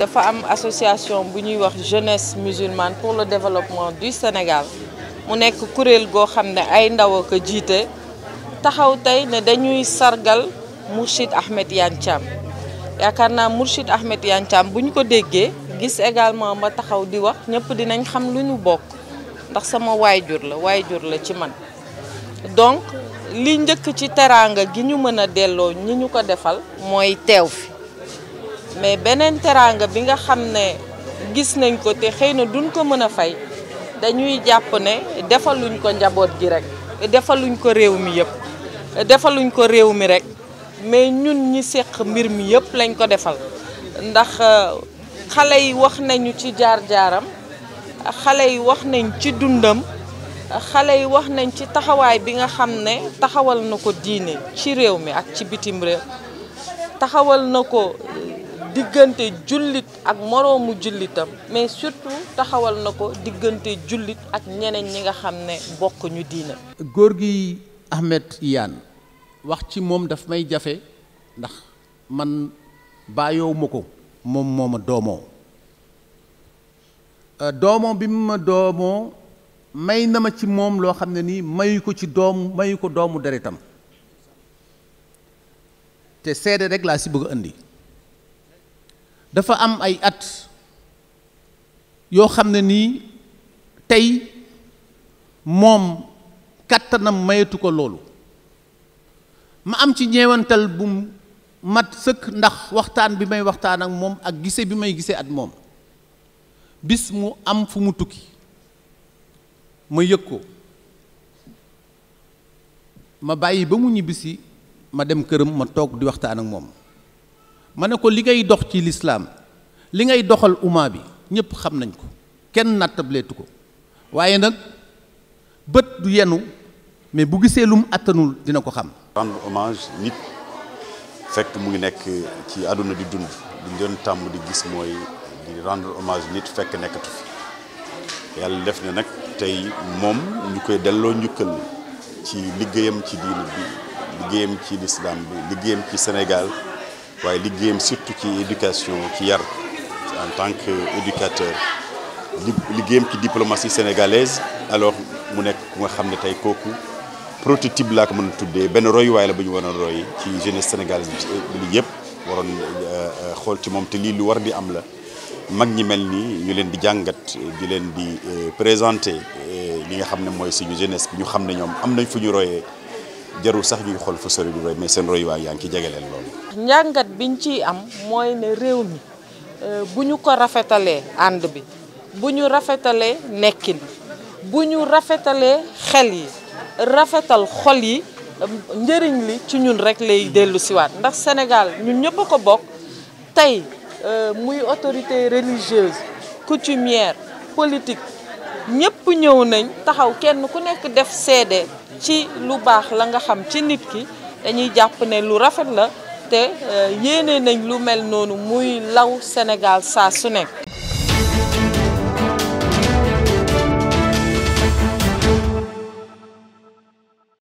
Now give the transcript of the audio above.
dafa am association bu ñuy wax jeunesse musulmane pour le développement du senegal mu nekk kuréel goo xam ne ay ndaw ako jiite taxaw tey ne dañuy sargal Mourchid Ahmed Yane Thiam yaakaar naa Mourchid Ahmed bu ñu ko déggee gis également ma taxaw di wax ñépp dinañ xam lu ñu bokk ndax sama waay waayjur la waayjur la ci man donc li njëkk ci teraanga gi ñu mën a delloo ñi ñu ko defal mooy teew fi mais beneen teraanga bi nga xam ne gis nañ ko te xëy na duñ ko mën a fay dañuy jàpp ne defaluñ ko njaboot ji rek defaluñ ko réew mi yëpp defaluñ ko réew mi rek mais ñun ñi seq mbir mi yëpp lañ ko defal ndax euh, xale yi wax nañu ci jaar-jaaram xale yi wax nañ ci dundam xale yi wax nañ ci taxawaay bi nga xam ne taxawal na ko diine ci réew mi ak ci bitim réew taxawal na ko diggante jullit ak moroomu jullitam mais surtout taxawal na ko diggante jullit ak ñeneen ñi nga xam ne bokk ñu diina góor gi Ahmed Iyane wax ci moom daf may jafe ndax man bàyyoow ma ko moom moo doomoo euh, doomoo bi mu ma doomoo may na ma ci moom loo xam ne nii mayu ko ci doom mayu ko doomu deretam te seede rek laa si bëgg a indi dafa am ay at yoo xam ne nii tey moom kàttanam mayetu ko loolu ma am ci ñeewantal bu mat sëkk ndax waxtaan bi may waxtaan ak moom ak gise bi may gise at moom bis mu am fu mu tukki ma yëg ko ma bàyyi ba mu ma dem këram ma toog di waxtaan ak moom ma ne ko li ngay dox ci lislaam li ngay doxal umma bi ñëpp xam nañ ko kenn nattableetu ko waaye nag bët du yenu mais bu gisee lum attanul dina ko xam. rendre hommage nit fekk mu ngi nekk ci àdduna di dund di doon tàmm di gis mooy di rendre hommage nit fekk nekkatu fi yàlla def na nag tey moom ñu koy delloo njukkal ci liggéeyam ci diine bi liggéeyam ci lislaam bi liggéeyam ci Sénégal. waaye liggéeyam surtout ci éducation ci yar en tant qu'éducateur éducateur liggéeyam diplomatie sénégalaise alors mu nekk nga xam ne tey kooku prototype laa ko mën a tuddee benn royuwaay la bu ñu waroon roy ci jeunesse sénégalaise li euh, yëpp waroon euh, euh, xol ci mom te li lu war di am la mag ñi melni ñu leen di jangat di leen di présenter li nga xam moy mooy suñu jeunesse bi ñu xam ñom am nañ fu ñu royé jarul sax ñuy xol fu sori du roy mais sen royuwaay yaa ngi ci jegeleel njàngat biñ ciy am mooy ne réew mi euh, bu ñu ko rafetalee ànd bi bu ñu rafetalee nekkin bu ñu rafetalee xel yi rafetal xol yi euh, njëriñ li ci ñun rek lay dellusiwaat ndax Sénégal ñun ñëpp a ko bokk tey euh, muy autorité religieuse coutumière politique ñëpp ñëw nañ taxaw kenn ku nekk def seede ci lu baax la nga xam ci nit ki dañuy jàpp ne lu rafet la te eh, yéene nañ lu mel noonu muy law Sénégal saa su nekk.